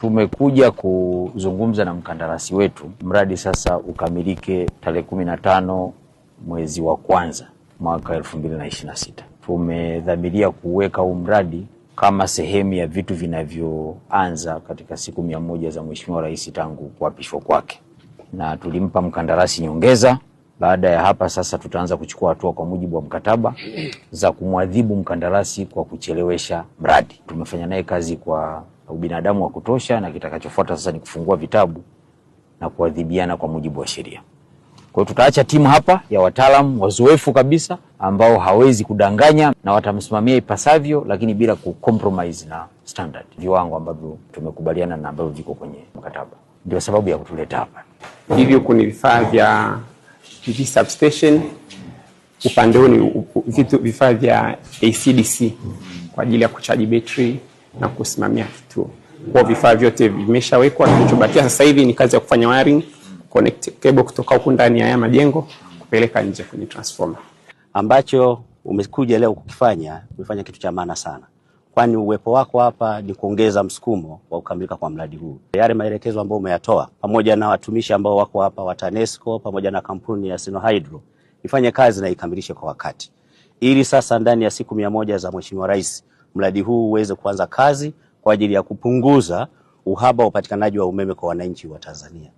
Tumekuja kuzungumza na mkandarasi wetu, mradi sasa ukamilike tarehe kumi na tano mwezi wa kwanza mwaka elfu mbili na ishirini na sita. Tumedhamiria kuweka huu mradi kama sehemu ya vitu vinavyoanza katika siku mia moja za Mheshimiwa Rais tangu kuapishwa kwake, na tulimpa mkandarasi nyongeza. Baada ya hapa sasa, tutaanza kuchukua hatua kwa mujibu wa mkataba za kumwadhibu mkandarasi kwa kuchelewesha mradi. Tumefanya naye kazi kwa ubinadamu wa kutosha, na kitakachofuata sasa ni kufungua vitabu na kuadhibiana kwa mujibu wa sheria. Kwa hiyo tutaacha timu hapa ya wataalamu wazoefu kabisa ambao hawezi kudanganya na watamsimamia ipasavyo, lakini bila kucompromise na standard, viwango ambavyo tumekubaliana na ambavyo viko kwenye mkataba. Ndio sababu ya kutuleta hapa. Hivyo kuna vifaa vya substation upande huu ni vitu vifaa vya ACDC kwa ajili ya kuchaji betri na kusimamia kituo. Kwa vifaa vyote vimeshawekwa, kilichobakia sasa hivi ni kazi ya kufanya wiring, connect cable kutoka huku ndani ya haya majengo kupeleka nje kwenye transformer. Ambacho umekuja leo kukifanya, umefanya kitu cha maana sana, kwani uwepo wako hapa ni kuongeza msukumo wa kukamilika kwa mradi huu. Yale maelekezo ambayo umeyatoa pamoja na watumishi ambao wako hapa wa TANESCO pamoja na kampuni ya Sinohydro ifanye kazi na ikamilishe kwa wakati, ili sasa ndani ya siku mia moja za Mheshimiwa Rais mradi huu uweze kuanza kazi kwa ajili ya kupunguza uhaba wa upatikanaji wa umeme kwa wananchi wa Tanzania.